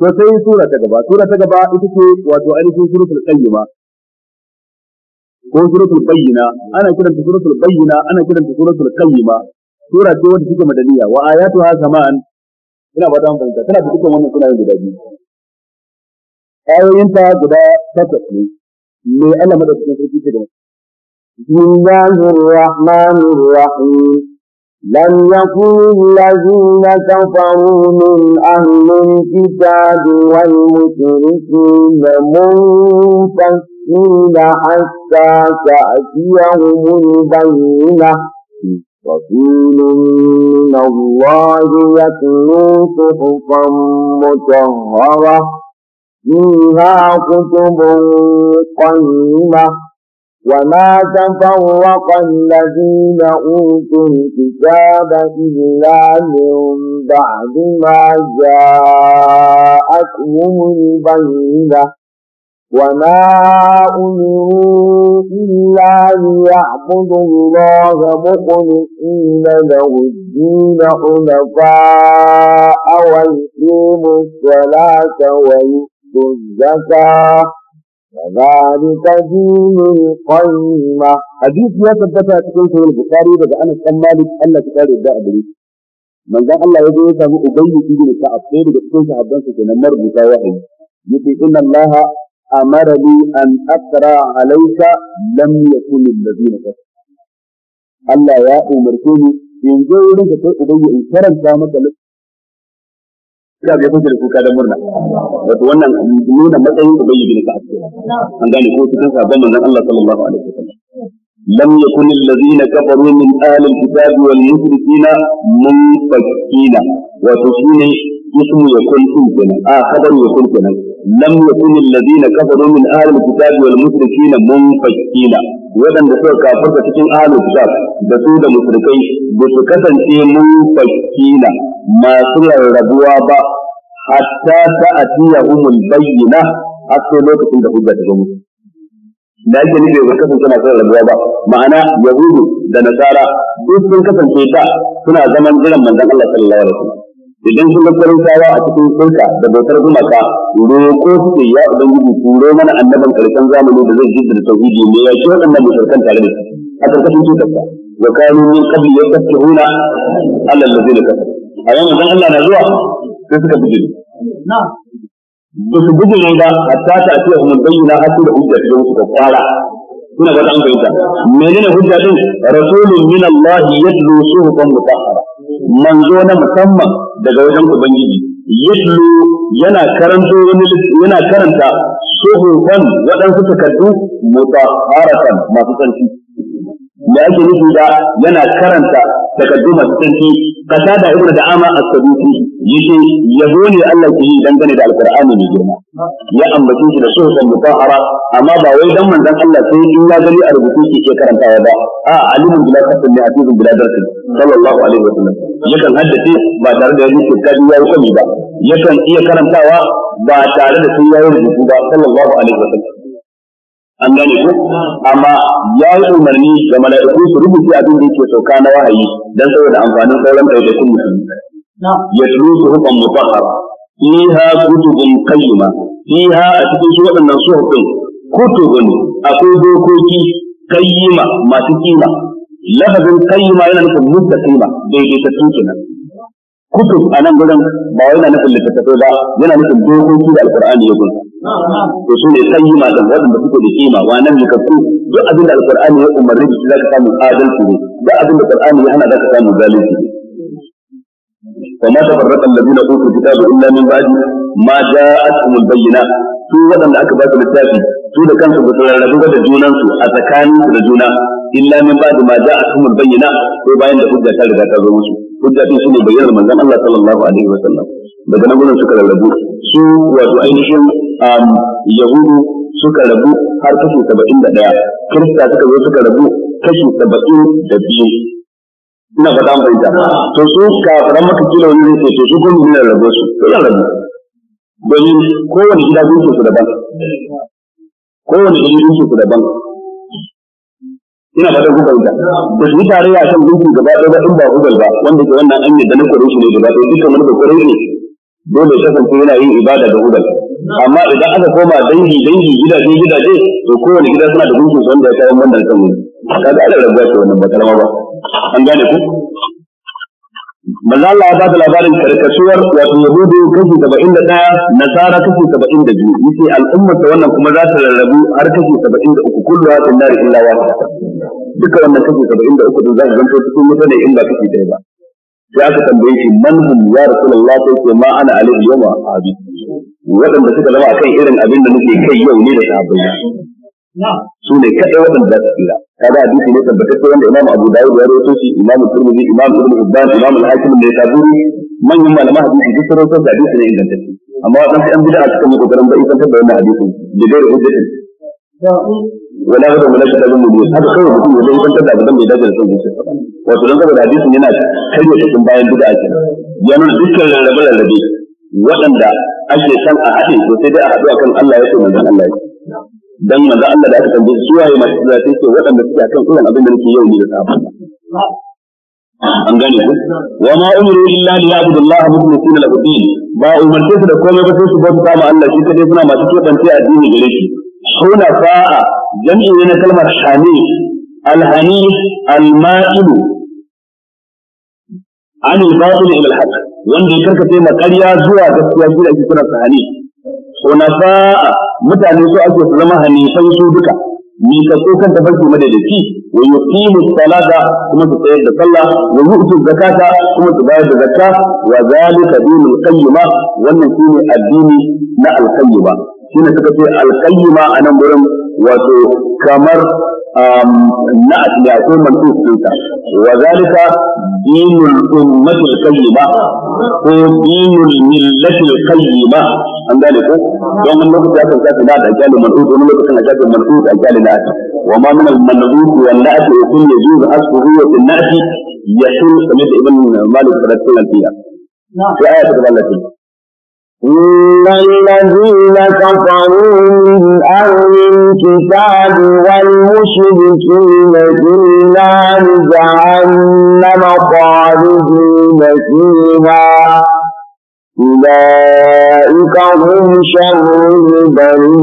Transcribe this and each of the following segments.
to sai sura ta gaba sura ta gaba ita ce wato ainihin suratul qayyima ko suratul bayyina ana kiranta suratul bayyina ana kiranta suratul qayyima sura ce wadda take madaniya wa ayatuha zaman ina ba dan fahimta tana da dukkan wannan sunayen guda biyu ayoyin ta guda takwas ne me Allah madaukakin sarki ce da Bismillahir Rahmanir Rahim لم يكن الذين كفروا من أهل الكتاب والمشركين منفكين حتى تأتيهم البينة رسول من الله يتلو صحفا مطهرة فيها كتب قيمة وما تفرق الذين أوتوا الكتاب إلا من بعد ما جاءتهم البينة وما أمروا إلا ليعبدوا الله مخلصين له الدين حنفاء ويقيموا الصلاة ويؤتوا الزكاة وذلك دين القيمة حديث يا ثبت cikin sahih al-bukhari daga Anas bin Malik Allah ya kare da abin manzon Allah ya zo ya samu ubayyi ibn Ka'ab sai daga cikin sahabban sa kenan marubuta wahayi yace inna Allah amara bi an aqra alayka lam yakun alladhina kafaru Allah ya umarce ni in zo wurin in karanta maka sai abu ya kuka da kuka da murna wato wannan nuna matsayin ubangiji ne ka haske an gane ko cikin sabon manzon Allah sallallahu alaihi wasallam لم يكن الذين كفروا من أهل الكتاب والمشركين منفكين وتشيني اسم يكون كنا آه خبر يكون كنا لم يكن الذين كفروا من أهل الكتاب والمشركين منفكين ودن دسوا كافر تكين أهل الكتاب دسوا المشركين دسوا كسن منفكين ما سوى الربوة حتى تأتيهم البينة حتى لو تكون دخول تقوم da ake nufi ba kasance suna kan rabuwa ba ma'ana yahudu da nasara duk sun kasance da suna zaman jiran manzon Allah sallallahu alaihi wasallam idan sun ga karantawa a cikin shirka da bautar gumaka roƙo suke ya ubangiji turo mana annaban karshen zamani da zai jidda da tauhidi ne ya shi waɗannan musulkan tare da shi a karkashin cutarsa wa kanu min qabli yastahuna ala allazina kafaru a yanzu manzon Allah na zuwa sai suka na ba su ne ba hatta ta ce mun bayyana hasu da hujja da su fara kuna ga dan bayyana menene hujja din rasulun min Allah yatlu suhuban mutahhara manzo na musamman daga wajen ubangiji yuslu yana karanto wani yana karanta suhufan waɗansu takardu mutaharatan masu tsarki da ake nufi da yana karanta takaddu masu tsarki kasa da ibnu da ama as-sadusi yace yabo ne Allah ke dangane da alqur'ani mai girma ya ambace shi da sunan mutahara amma ba wai dan manzon Allah sai in ya gani a rubutu shi ke karantawa ba a alimin bila kasan ne hafizun bila darsin sallallahu alaihi wa sallam yakan haddace ba tare da yaji kaji ya yi ba yakan iya karantawa ba tare da sun yayi rubutu ba sallallahu alaihi wa sallam an gane ko amma ya yi umarni ga mala'iku su rubuta abin da yake sauka na wahayi dan saboda amfanin sauran ɗaiɗaikun musulmi ya turu su hukun mutahhar fiha kutubun qayyima fiha a cikin su waɗannan suhufin kutubun akwai dokoki qayyima masu kima lafazin qayyima yana nufin mustaqima daidaitattu kenan kutub a nan gurin ba yana nufin littattafai ba yana nufin dokoki da alkur'ani ya gudu to su ne kan yi matan waɗanda suke da kima wa nan littattafai duk abin da alkur'ani ya umarni su za ka samu adalci ne duk abin da alkur'ani ya hana za ka samu zalunci ne وما تفرق الذين اوتوا الكتاب الا من بعد ما جاءتهم bayyana. su waɗanda aka ba su littafi su da kansu ba su rarrabu ba da junansu a tsakanin su da juna illa min ba'd ma ja'atuhumul bayyana ko bayan da hujja ta riga ta zo musu hujja din shine bayyanar manzon Allah sallallahu alaihi wa sallam daga nan gurin suka rarrabu su wato ainihin yahudu suka rabu har kashi saba'in da ɗaya kirista suka zo suka rabu kashi saba'in da biyu ina fata mu fahimta to su kafiran maka kila wani zai ce to su kuma ne rabu su to rabu domin kowane gida zai ce su daban kowane irin yake su daban ina fatan kuka wuta ba su yi ya san gunki gaba ɗaya ba in ba hudal ba wanda ke wannan an da na kureshi ne gaba ɗaya duka wani da ne. dole ya kasance yana yin ibada da hudal amma idan aka koma dangi dangi gidaje gidaje to kowane gida suna da gunki wanda ya kayan wannan kan wani kaga ana rabuwa ce wannan ba karama ba an gane ku manzo Allah ya bada labarin karkatuwar wato yahudu kashi 71 nasara kashi 72 yace al'ummar ta wannan kuma za ta rarrabu har kashi 73 kullu hadin nar illa wahid duka wannan kashi 73 din za su zanto cikin mutane in ba kashi ɗaya ba sai aka tambaye shi man hum ya rasulullah sai ce ma ana alaihi yawma abi wadanda suka zama akan irin abin da nake kai yau ne da sahabbai su ne kaɗai waɗanda za su tsira kaga hadisi ne tabbatacce wanda imam abu dawud ya rawaito shi imam turmudi imam ibn hibban imam al-hakim ne sabuni manyan malaman hadisi duk rawaito su hadisi ne ingantacce amma waɗansu ɗan bid'a suka yi kokarin bai san tabbatar da hadisin da dai hujjatin wala hada mun shi dalilin mu haka kawai mutum ya san tabbatar da abin da ya da son zuciya wato dan saboda hadisin yana karya cikin bayan bid'a kenan ya nuna dukkan rarrabe rarrabe waɗanda ake san a haɗe to sai dai a haɗu akan Allah ya so manzon Allah ya dan manzo Allah da aka tambaye su waye masu zai ce waɗanda suke akan irin abin da nake yau ne da safa an gane ku wa ma umru illa li yabudullaha mukhlisina lahu din ba umarce su da komai ba sai su bar ma Allah shi kadai suna masu a addini gare shi suna fa'a jam'i ne na kalmar shani alhanif alma'il an al-batil ila al-haq wanda ya karkace ma zuwa gaskiya shi da ake kira sahani. hunafa'a mutane su ake su zama hanifan su duka ni ka so kan tafarki madadaci wa yuqimu salata kuma su tsayar da sallah wa yu'tu zakata kuma su bayar da zakka wa zalika dinul qayyima wannan shine addini na al-qayyima shine suka ce al-qayyima anan gurin wato kamar نعت لأكون ملحوظ فيك وذلك دين الأمة القيمة هو الملة القيمة عن ذلك يوم من نقص يأتي الكاس لا تأجال ملحوظ ومن نقص الكاس ملحوظ أجال نعت وما من المنظوظ والنعت يكون يجوز أصف في النعت يحل سميد ابن مالك فلسطين الفيها نعم. في آية الله إن الذين كفروا من أهل الكتاب والمشركين في نار جهنم خالدين فيها أولئك هم شر البرية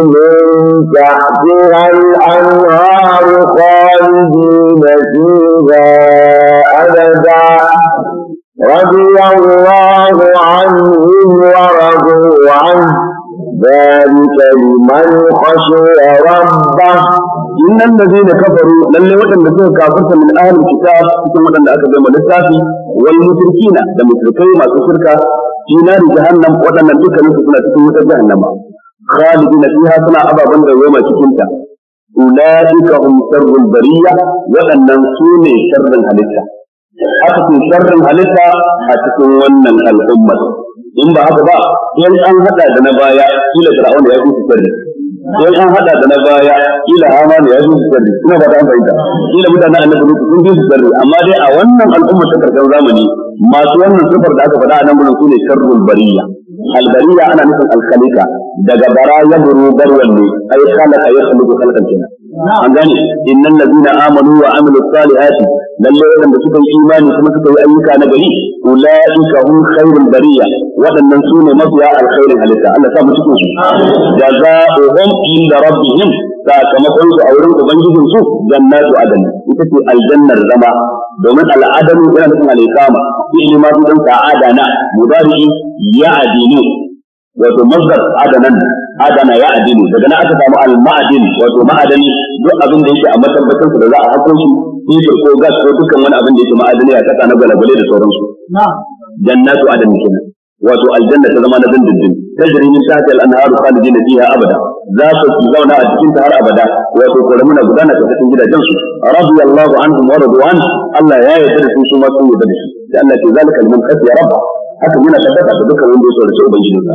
من تحتها الأنهار خالدين فيها أبدا رضي الله عنهم ورضوا عنه ذلك لمن خشي ربه إن الذين كفروا لن يوتن بسوء كافرة من أهل الكتاب ثم وتن أكبر من التافي والمشركين لم يتركوا ما تشركا في نار جهنم وتن كافرة من أهل الكتاب khalidina fiha suna ababen da goma cikin ta ulaika hum sharrul bariya waɗannan su ne sharrin halitta aka ce sharrin halitta a cikin wannan al'umma in ba haka ba in an hada da na baya kila fir'auna ya fi sharri in an hada da na baya kila amana ya fi sharri kuma ba ta fahimta kila mutane annabi ne sun fi sharri amma dai a wannan al'umma zamani masu wannan sifar da aka faɗa a nan gurin su ne bariya albariya ana nufin alkalika daga bara ya buru barwan ne ai khalaqa yakhluqu khalqan kenan an gane innal ladina amanu wa amilus salihati lalle wanda suka yi imani kuma suka yi ayyuka na gari ulaika hum khairul bariya waɗannan sune ne mafiya alkhairin halitta Allah sa mu cikin su jazaohum inda rabbihim sakamakon su a wurin ubangijin su jannatu adal ita ce aljannar zama domin al'adamu yana nufin al'ikama fi'li ma bi dauka adana mudari ya adini wato masdar adanan adana ya adini daga nan aka samu al-ma'adin wato ma'adani duk abin da yake a matabbatar da za a hako shi fitur ko gas ko dukkan wani abin da yake ma'adani a kasa na gwalagwale da sauransu jannatu adani kenan wato aljanna ta zama na dindindin tajri min tahtiha al-anharu khalidin fiha abada za su zauna a jikinta har abada wato koramu na gudana ta cikin gidajen su radiyallahu anhum wa radwan Allah ya yarda da su su ma sun yarda da shi da Allah ke zalika liman khafiya rabba haka muna tabbata da dukkan wanda ya saurace ubangijinsa